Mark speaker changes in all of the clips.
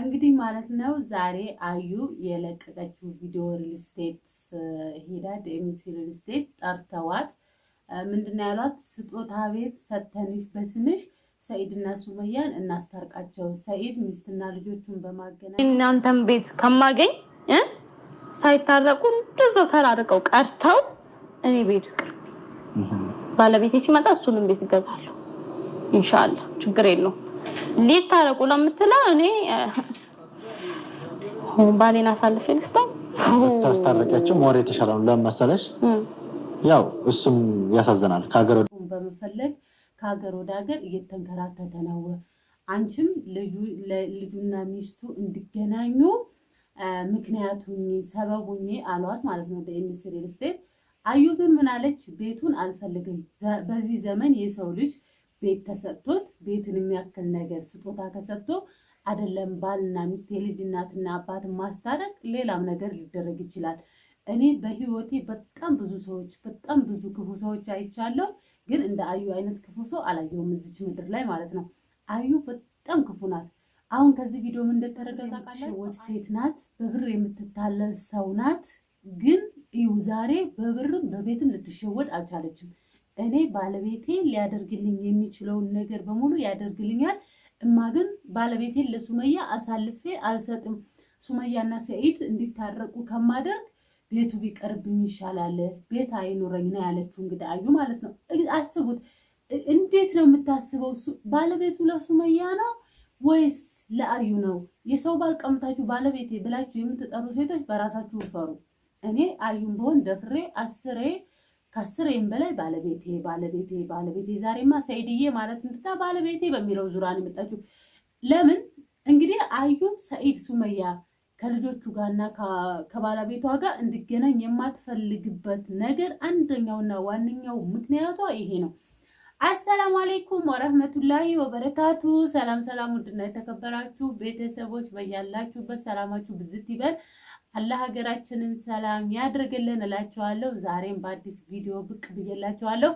Speaker 1: እንግዲህ ማለት ነው ዛሬ አዩ የለቀቀችው ቪዲዮ ሪልስቴት ስቴት ሄዳ ዲኤምሲ ሪል ጠርተዋት ምንድን ያሏት ስጦታ ቤት ሰተንሽ በስምሽ ሰኢድና ሱመያን እናስታርቃቸው፣ ሰኢድ ሚስትና ልጆቹን በማገናኘት እናንተን ቤት ከማገኝ ሳይታረቁ እንደዛው ተራርቀው ቀርተው እኔ ቤቱ ባለቤቴ ሲመጣ እሱንም ቤት ይገዛለሁ። ኢንሻአላህ ችግር የለውም። ሊታረቁ ነው የምትለው እኔ ባሌን አሳልፌ
Speaker 2: ልስታ ታስታረቂያቸው ሞር የተሻለ ነው። ለመሰለሽ ያው እሱም ያሳዝናል። ከሀገር ወደ በመፈለግ
Speaker 1: ከሀገር ወደ ሀገር እየተንከራተተ ነው። አንቺም ልጁና ሚስቱ እንዲገናኙ ምክንያቱ ሰበቡ አሏት ማለት ነው። ኤምሲ ሪል ስቴት አዩ ግን ምናለች? ቤቱን አልፈልግም። በዚህ ዘመን የሰው ልጅ ቤት ተሰጥቶት ቤትን የሚያክል ነገር ስጦታ ከሰጥቶ አይደለም ባልና ሚስት የልጅ እናትና ማስታረቅ ሌላም ነገር ሊደረግ ይችላል። እኔ በህይወቴ በጣም ብዙ ሰዎች በጣም ብዙ ክፉ ሰዎች አይቻለሁ፣ ግን እንደ አዩ አይነት ክፉ ሰው አላየሁም እዚች ምድር ላይ ማለት ነው። አዩ በጣም ክፉ ናት። አሁን ከዚህ ቪዲዮ ምን እንደተረዳው ሴት ናት፣ በብር የምትታለል ሰው ናት። ግን እዩ ዛሬ በብርም በቤትም ልትሸወድ አልቻለችም። እኔ ባለቤቴ ሊያደርግልኝ የሚችለውን ነገር በሙሉ ያደርግልኛል። እማ ግን ባለቤቴን ለሱመያ አሳልፌ አልሰጥም። ሱመያና ሰኢድ እንዲታረቁ ከማደርግ ቤቱ ቢቀርብኝ ይሻላል፣ ቤት አይኖረኝ ነው ያለችው። እንግዲህ አዩ ማለት ነው። አስቡት፣ እንዴት ነው የምታስበው? ባለቤቱ ለሱመያ ነው ወይስ ለአዩ ነው? የሰው ባል ቀምታችሁ ባለቤቴ ብላችሁ የምትጠሩ ሴቶች በራሳችሁ ፈሩ። እኔ አዩም በሆን ደፍሬ አስሬ ከአስሬም በላይ ባለቤቴ ባለቤቴ ባለቤቴ ዛሬማ ሰይድዬ ማለት እንትታ ባለቤቴ በሚለው ዙራን የመጣችው ለምን እንግዲህ አዩ ሰኢድ ሱመያ ከልጆቹ ጋርና ከባለቤቷ ጋር እንድገናኝ የማትፈልግበት ነገር አንደኛውና ዋነኛው ምክንያቷ ይሄ ነው። አሰላሙ አሌይኩም ወረህመቱላሂ ወበረካቱ። ሰላም ሰላም፣ ውድና የተከበራችሁ ቤተሰቦች በያላችሁበት ሰላማችሁ ብዝት ይበል። አላህ ሀገራችንን ሰላም ያድርግልን እላችኋለሁ። ዛሬም በአዲስ ቪዲዮ ብቅ ብዬላችኋለሁ።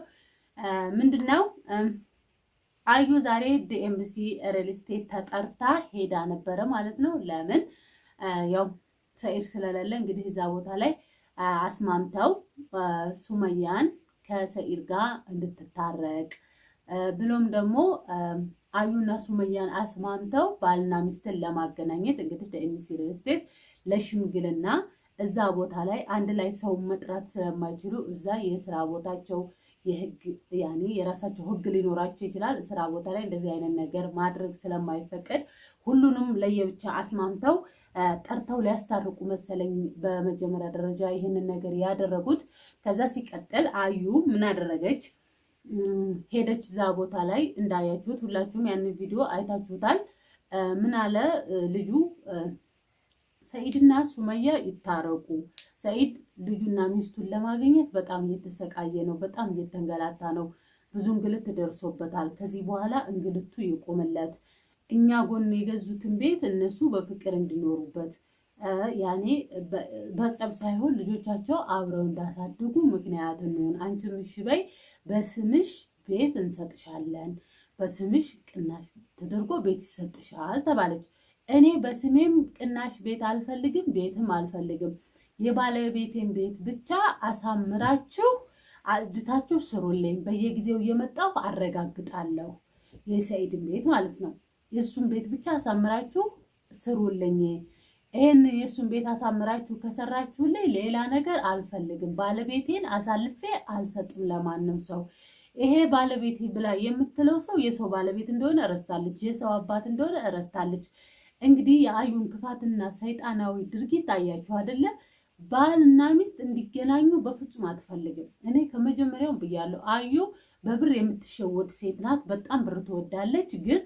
Speaker 1: ምንድን ነው አዩ ዛሬ ዲኤምሲ ሪል ስቴት ተጠርታ ሄዳ ነበረ ማለት ነው። ለምን ያው ሰኢድ ስለሌለ እንግዲህ እዛ ቦታ ላይ አስማምተው ሱመያን ከሰኢድ ጋር እንድትታረቅ ብሎም ደግሞ አዩና ሱመያን አስማምተው ባልና ሚስትን ለማገናኘት እንግዲህ ለኤምሲ ሪል ስቴት ለሽምግልና እዛ ቦታ ላይ አንድ ላይ ሰው መጥራት ስለማይችሉ እዛ የስራ ቦታቸው የህግ ያኔ የራሳቸው ህግ ሊኖራቸው ይችላል። ስራ ቦታ ላይ እንደዚህ አይነት ነገር ማድረግ ስለማይፈቀድ ሁሉንም ለየብቻ አስማምተው ጠርተው ሊያስታርቁ መሰለኝ በመጀመሪያ ደረጃ ይህንን ነገር ያደረጉት። ከዛ ሲቀጥል አዩ ምን አደረገች? ሄደች እዛ ቦታ ላይ እንዳያችሁት ሁላችሁም ያንን ቪዲዮ አይታችሁታል። ምን አለ ልጁ ሰኢድና ሱመያ ይታረቁ። ሰኢድ ልጁና ሚስቱን ለማግኘት በጣም እየተሰቃየ ነው። በጣም እየተንገላታ ነው። ብዙ እንግልት ደርሶበታል። ከዚህ በኋላ እንግልቱ ይቆምለት። እኛ ጎን የገዙትን ቤት እነሱ በፍቅር እንዲኖሩበት ያኔ በጸብ ሳይሆን ልጆቻቸው አብረው እንዳሳድጉ ምክንያት እንሆን። አንቺም እሺ በይ፣ በስምሽ ቤት እንሰጥሻለን፣ በስምሽ ቅናሽ ተደርጎ ቤት ይሰጥሻል ተባለች። እኔ በስሜም ቅናሽ ቤት አልፈልግም፣ ቤትም አልፈልግም። የባለቤቴን ቤት ብቻ አሳምራችሁ አድታችሁ ስሩልኝ። በየጊዜው እየመጣሁ አረጋግጣለሁ። የሰኢድን ቤት ማለት ነው። የእሱን ቤት ብቻ አሳምራችሁ ስሩልኝ። ይህን የእሱን ቤት አሳምራችሁ ከሰራችሁልኝ ሌላ ነገር አልፈልግም። ባለቤቴን አሳልፌ አልሰጥም ለማንም ሰው። ይሄ ባለቤቴ ብላ የምትለው ሰው የሰው ባለቤት እንደሆነ እረስታለች፣ የሰው አባት እንደሆነ እረስታለች። እንግዲህ የአዩን ክፋትና ሰይጣናዊ ድርጊት አያችሁ አይደለ? ባልና ሚስት እንዲገናኙ በፍጹም አትፈልግም። እኔ ከመጀመሪያውም ብያለሁ፣ አዩ በብር የምትሸወድ ሴት ናት። በጣም ብር ትወዳለች። ግን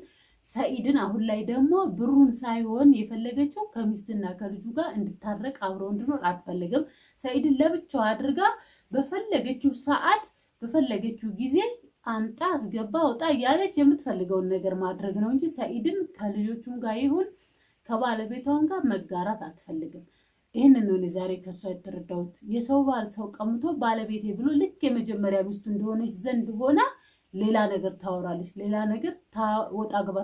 Speaker 1: ሰኢድን አሁን ላይ ደግሞ ብሩን ሳይሆን የፈለገችው ከሚስትና ከልጁ ጋር እንድታረቅ አብረው እንድኖር አትፈልግም። ሰኢድን ለብቻው አድርጋ በፈለገችው ሰዓት በፈለገችው ጊዜ አምጣ፣ አስገባ፣ ወጣ እያለች የምትፈልገውን ነገር ማድረግ ነው እንጂ ሰኢድን ከልጆቹም ጋር ይሁን ከባለቤቷን ጋር መጋራት አትፈልግም። ይህንን ነው ዛሬ ከእሷ የተረዳሁት። የሰው ባል ሰው ቀምቶ ባለቤቴ ብሎ ልክ የመጀመሪያ ሚስቱ እንደሆነች ዘንድ ሆና ሌላ ነገር ታወራለች፣ ሌላ ነገር ወጣ ገባ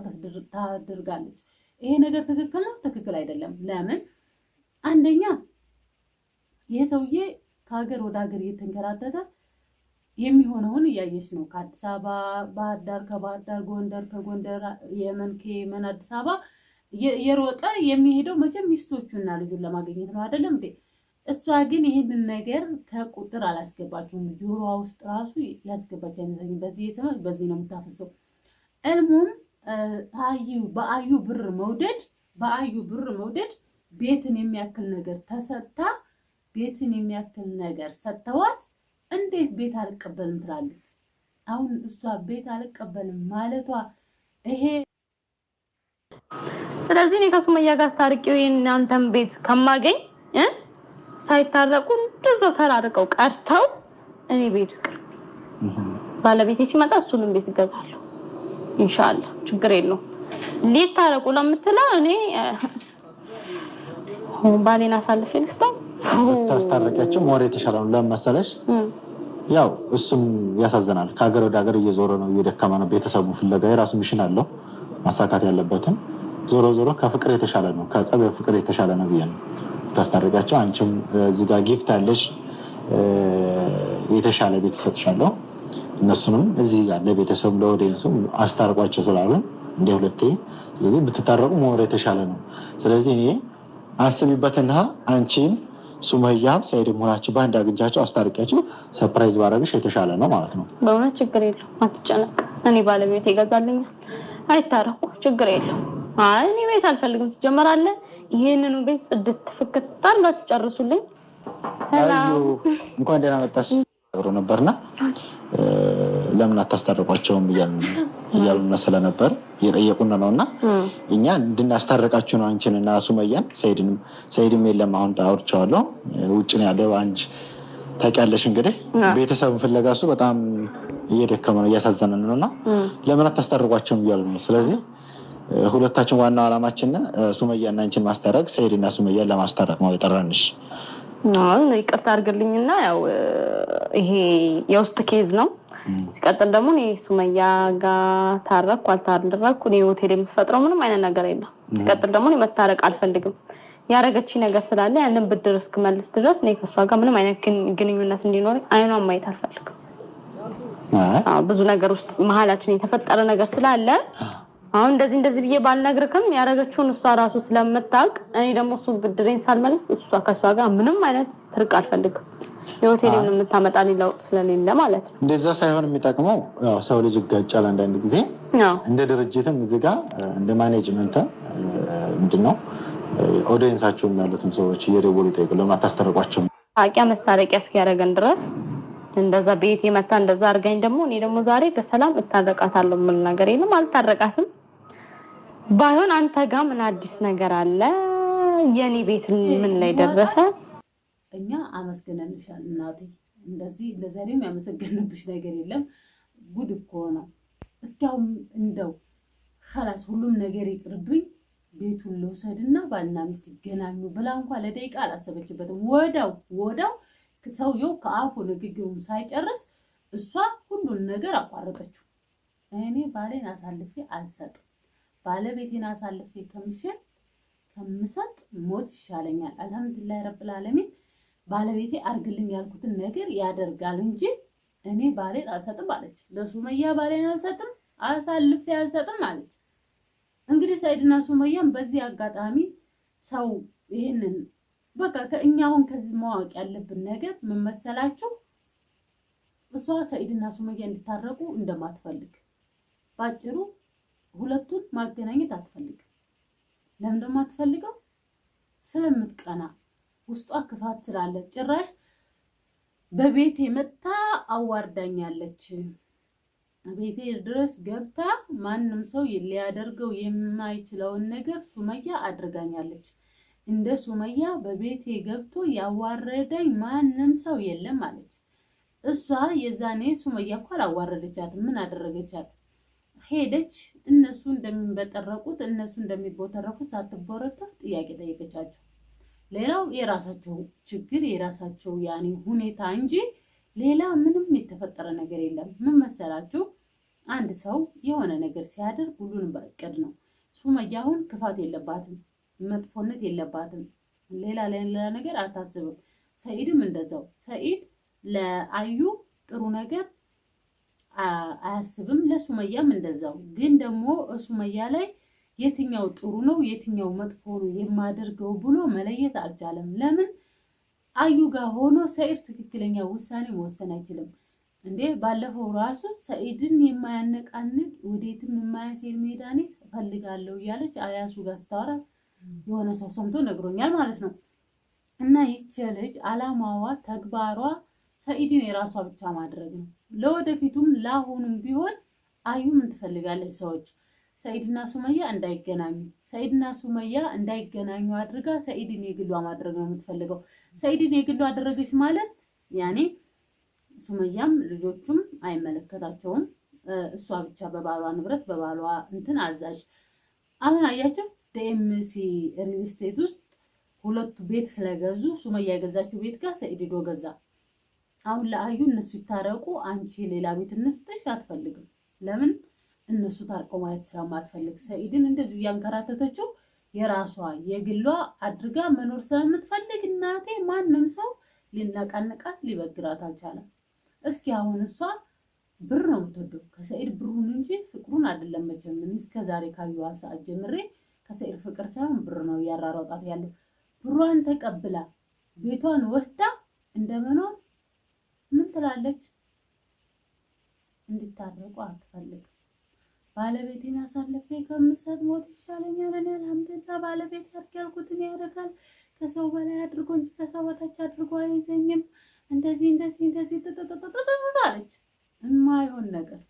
Speaker 1: ታደርጋለች። ይሄ ነገር ትክክል ነው? ትክክል አይደለም። ለምን? አንደኛ ይህ ሰውዬ ከሀገር ወደ ሀገር እየተንከራተተ የሚሆነውን እያየች ነው። ከአዲስ አበባ ባህር ዳር፣ ከባህር ዳር ጎንደር፣ ከጎንደር የመን፣ ከየመን አዲስ አበባ የሮጠ የሚሄደው መቼም ሚስቶቹና ልጁን ለማግኘት ነው አይደለም እንዴ? እሷ ግን ይህንን ነገር ከቁጥር አላስገባችሁም። ጆሮዋ ውስጥ ራሱ ያስገባች አይመስለኝም። በዚህ የሰመ በዚህ ነው የምታፈሰው። እልሙም በአዩ ብር መውደድ በአዩ ብር መውደድ ቤትን የሚያክል ነገር ተሰጥታ ቤትን የሚያክል ነገር ሰጥተዋት እንዴት ቤት አልቀበልም ትላለች? አሁን እሷ ቤት አልቀበልም ማለቷ ይሄ ስለዚህ እኔ ከሱመያ ጋር አስታርቂው የእናንተን ቤት ከማገኝ ሳይታረቁ እንደዛው ተራርቀው ቀርተው እኔ ቤት ይቅር ባለቤቴ ሲመጣ እሱንም ቤት ይገዛሉ። ኢንሻአላ ችግር የለውም። ሊታረቁ ለምትለው እኔ ባሌን አሳልፌ
Speaker 2: ልስጣ። ታስታረቂያቸው ወሬ የተሻለ ነው። ለምን ያው እሱም ያሳዝናል። ከሀገር ወደ ሀገር እየዞረ ነው፣ እየደከመ ነው። ቤተሰቡ ፍለጋ የራሱ ሚሽን አለው ማሳካት ያለበትን ዞሮ ዞሮ ከፍቅር የተሻለ ነው፣ ከጸብ ፍቅር የተሻለ ነው ብዬ ነው ታስታርቂያቸው። አንቺም እዚህ ጋ ጊፍት አለሽ፣ የተሻለ ቤት እሰጥሻለሁ። እነሱንም እዚህ ጋር ለቤተሰብ ለኦዲየንሱም አስታርቋቸው ስላሉ እንደ ሁለቴ። ስለዚህ ብትታረቁ መወር የተሻለ ነው። ስለዚህ እኔ አስቢበትና አንቺን ሱመያም ሳይድ መሆናችሁ በአንድ አግኝቻቸው አስታርቂያቸው ሰፕራይዝ ባረግሽ የተሻለ ነው
Speaker 1: ማለት ነው። በእውነት ችግር የለው አትጨነቅ። እኔ ባለቤት ይገዛልኛል። አይታረቁ ችግር የለው አይ እኔ ቤት አልፈልግም። ሲጀመራለ ይህንኑ ቤት ጽድት ፍክት አድርጋችሁ
Speaker 2: ጨርሱልኝ። ሰላም እንኳን ደህና መጣሽ ብሮ ነበርና ለምን አታስታርቋቸውም እያሉና ስለነበር እየጠየቁን ነው። እና እኛ እንድናስታርቃችሁ ነው አንቺን እና ሱመያን ሰይድንም። ሰይድም የለም አሁን አውርቼዋለሁ፣ ውጭ ነው ያለው። አንቺ ታውቂያለሽ እንግዲህ ቤተሰብን ፍለጋ እሱ በጣም እየደከመ ነው፣ እያሳዘነን ነው። እና ለምን አታስታርቋቸውም እያሉ ነው። ስለዚህ ሁለታችን ዋናው አላማችን ሱመያ እና አንቺን ማስታረቅ፣ ሰሄድ እና ሱመያን ለማስታረቅ ነው የጠራንሽ።
Speaker 1: ይቅርታ አድርግልኝና ያው ይሄ የውስጥ ኬዝ ነው። ሲቀጥል ደግሞ እኔ ሱመያ ጋር ታረኩ አልታረኩ እኔ ሆቴል የምትፈጥረው ምንም አይነት ነገር የለም። ሲቀጥል ደግሞ እኔ መታረቅ አልፈልግም። ያደረገች ነገር ስላለ ያንን ብድር እስክመልስ ድረስ እኔ ከእሷ ጋር ምንም አይነት ግንኙነት እንዲኖር አይኗን ማየት አልፈልግም። ብዙ ነገር ውስጥ መሀላችን የተፈጠረ ነገር ስላለ አሁን እንደዚህ እንደዚህ ብዬ ባልነግርክም ያደረገችውን እሷ ራሱ ስለምታውቅ እኔ ደግሞ እሱ ብድሬን ሳልመልስ እሷ ከእሷ ጋር ምንም አይነት ትርቅ አልፈልግም። የሆቴልን የምታመጣልኝ ለውጥ
Speaker 2: ስለሌለ ማለት ነው። እንደዛ ሳይሆን የሚጠቅመው ሰው ልጅ ይጋጫል አንዳንድ ጊዜ። እንደ ድርጅትም እዚህ ጋር እንደ ማኔጅመንት ምንድነው ኦዲየንሳቸውም ያሉትም ሰዎች እየደወሉ ይጠይቁ ለምን አታስጠርቋቸው?
Speaker 1: ታውቂያ መሳለቂያ እስኪያደርገን ድረስ እንደዛ ቤት የመታ እንደዛ አድርጋኝ ደግሞ እኔ ደግሞ ዛሬ በሰላም እታረቃታለሁ የምል ነገር የለም። አልታረቃትም ባይሆን አንተ ጋ ምን አዲስ ነገር አለ? የኔ ቤት ምን ላይ ደረሰ? እኛ አመስግነንሻል እናቴ። እንደዚህ እንደዛሬም ያመሰገንብሽ ነገር የለም። ጉድ እኮ ነው። እስኪያውም እንደው ከላስ ሁሉም ነገር ይቅርብኝ ቤቱን ልውሰድና ባልና ሚስት ይገናኙ ብላ እንኳ ለደቂቃ አላሰበችበትም። ወዳው ወዳው ሰውየው ከአፉ ንግግሩን ሳይጨርስ እሷ ሁሉን ነገር አቋረጠችው። እኔ ባሌን አሳልፌ አልሰጥም ባለቤቴን አሳልፌ ከምሽል ከምሰጥ ሞት ይሻለኛል። አልሐምዱሊላህ ረብል ዓለሚን ባለቤቴ አርግልኝ ያልኩትን ነገር ያደርጋል እንጂ እኔ ባሌን አልሰጥም አለች። ለሱመያ ባሌን አልሰጥም አሳልፌ አልሰጥም አለች። እንግዲህ ሰይድና ሱመያም በዚህ አጋጣሚ ሰው ይህንን በቃ ከእኛ አሁን ከዚህ ማወቅ ያለብን ነገር ምን መሰላችሁ? እሷ ሰይድና ሱመያ እንድታረቁ እንደማትፈልግ ባጭሩ ሁለቱን ማገናኘት አትፈልግም። ለምን ደግሞ አትፈልገው? ስለምትቀና ውስጧ ክፋት ስላለ ጭራሽ በቤቴ መታ አዋርዳኛለች። ቤቴ ድረስ ገብታ ማንም ሰው ሊያደርገው የማይችለውን ነገር ሱመያ አድርጋኛለች። እንደ ሱመያ በቤቴ ገብቶ ያዋረደኝ ማንም ሰው የለም አለች። እሷ የዛኔ ሱመያ እኮ አላዋረደቻት። ምን አደረገቻት? ሄደች። እነሱ እንደሚበጠረቁት እነሱ እንደሚቦተረፉት ሳትቦረተፍ ጥያቄ ጠየቀቻቸው። ሌላው የራሳቸው ችግር የራሳቸው ያኔ ሁኔታ እንጂ ሌላ ምንም የተፈጠረ ነገር የለም። ምን መሰላችሁ? አንድ ሰው የሆነ ነገር ሲያደርግ ሁሉንም በእቅድ ነው። ሱመያ አሁን ክፋት የለባትም፣ መጥፎነት የለባትም፣ ሌላ ሌላ ነገር አታስብም። ሰኢድም እንደዛው ሰኢድ ለአዩ ጥሩ ነገር አያስብም። ለሱመያም እንደዛው። ግን ደግሞ ሱመያ ላይ የትኛው ጥሩ ነው የትኛው መጥፎ ነው የማደርገው ብሎ መለየት አልቻለም። ለምን አዩ ጋር ሆኖ ሰኢድ ትክክለኛ ውሳኔ መወሰን አይችልም እንዴ? ባለፈው ራሱ ሰኢድን የማያነቃንቅ ወዴትም የማያሴር ሜዳኔት እፈልጋለሁ እያለች አያሱ ጋር ስታወራ የሆነ ሰው ሰምቶ ነግሮኛል ማለት ነው። እና ይች ልጅ አላማዋ ተግባሯ ሰኢድን የራሷ ብቻ ማድረግ ነው። ለወደፊቱም ለአሁኑም ቢሆን አዩ ምን ትፈልጋለች? ሰዎች ሰኢድና ሱመያ እንዳይገናኙ ሰኢድና ሱመያ እንዳይገናኙ አድርጋ ሰኢድን የግሏ ማድረግ ነው የምትፈልገው። ሰኢድን የግሏ አደረገች ማለት ያኔ ሱመያም ልጆቹም አይመለከታቸውም። እሷ ብቻ በባሏ ንብረት በባሏ እንትን አዛዥ። አሁን አያቸው ደኤምሲ ሪል ስቴት ውስጥ ሁለቱ ቤት ስለገዙ ሱመያ የገዛችው ቤት ጋር ሰኢድዶ ገዛ። አሁን ለአዩ እነሱ ይታረቁ፣ አንቺ ሌላ ቤት እንስጥሽ አትፈልግም። ለምን እነሱ ታርቆ ማየት ስለማትፈልግ ሰኢድን እንደዚሁ እያንከራተተችው የራሷ የግሏ አድርጋ መኖር ስለምትፈልግ እናቴ ማንም ሰው ሊነቃንቃት ሊበግራት አልቻለም። እስኪ አሁን እሷ ብር ነው የምትወደው ከሰኢድ ብሩን እንጂ ፍቅሩን አይደለም። መቼም እስከ ዛሬ ካየኋት ሰዓት ጀምሬ ከሰኢድ ፍቅር ሳይሆን ብር ነው እያራራጣት ያለው። ብሯን ተቀብላ ቤቷን ወስዳ እንደመኖር ምን ትላለች? እንድታደርቁ አትፈልግም። ባለቤቴን አሳልፌ ከምሰጥ ሞት ይሻለኛል። እኔ አልሐምዱሊላህ ባለቤት አድርግ ያልኩትን ያደርጋል። ከሰው በላይ አድርጎ እንጂ ከሰው በታች አድርጎ አይዘኝም። እንደዚህ እንደዚህ እንደዚህ ጥጥጥጥጥጥ አለች። የማይሆን ነገር